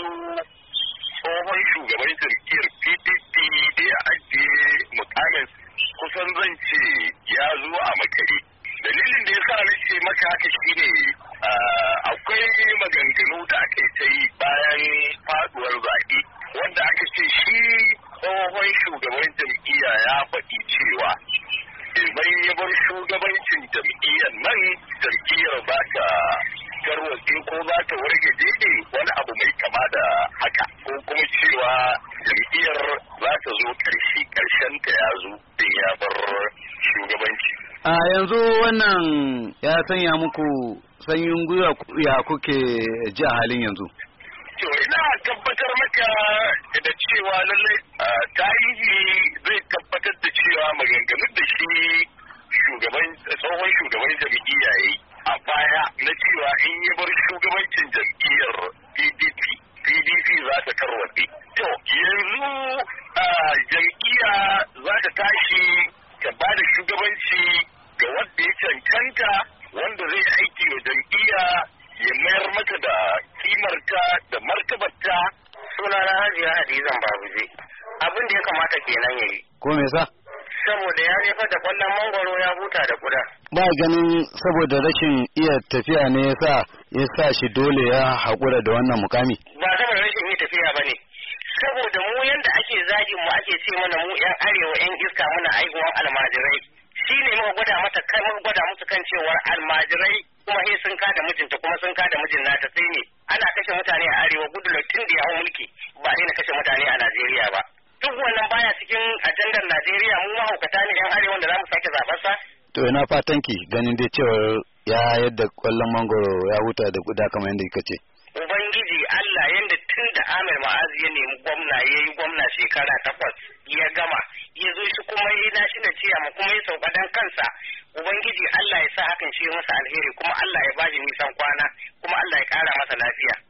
su tsohon shugaban jam'iyyar pdp da ya ajiye mukamin kusan zan ce ya zo a makare dalilin da ya sa na ce maka haka shine akwai maganganu da aka ta yi bayan faduwar zaɓe wanda aka ce shi tsohon shugaban jam'iyya ya faɗi cewa idan ya bar shugabancin jam'iyyar nan jam'iyyar ba ta tarwatsi ko ba ta warge daidai wani abu cewa jam'iyyar za ta zo karshe karshen ta ya zo din ya bar shugabanci. A yanzu wannan ya sanya muku sanyin gwiwa ya kuke ji a halin yanzu. To ina tabbatar maka da cewa lallai tarihi zai tabbatar da cewa maganganu da shi shugaban tsohon shugaban jam'iyya ya a baya na cewa in yi bar shugabancin jam'iyya shugabanci ga wanda ya cancanta wanda zai aiki wa jam'iyya ya mayar mata da kimarta da martabarta sunana hajiya hadizan babuje abin da ya kamata kenan ya yi ko me sa saboda ya jefa da kwallon mangwaro ya huta da kuda ba ganin saboda rashin iya tafiya ne ya sa, ya sa shi dole ya haƙura da wannan mukami ba saboda rashin iya tafiya ba ne saboda mu yanda ake zagin mu ake ce mana mu yan arewa yan iska muna aihuwan almajirai shi ne muka gwada mata kan muka gwada musu kan cewar almajirai kuma he sun kada mijinta kuma sun kada mijin nata sai ne ana kashe mutane a arewa gudu tun da ya mulki ba na kashe mutane a najeriya ba duk wannan baya cikin ajandar najeriya mu mahaukata ne yan arewa da zamu mu sake sa. to ina fatan ki ganin dai cewar ya yadda kwallon mangoro ya huta da guda kamar yadda kika ce ubangiji allah yadda tun da amir ma'azi ya nemi gwamna ya yi gwamna shekara takwas ya gama da kuma ya sauka dan kansa ubangiji Allah ya sa hakan shi masa alheri kuma Allah ya bashi nisan kwana kuma Allah ya kara masa lafiya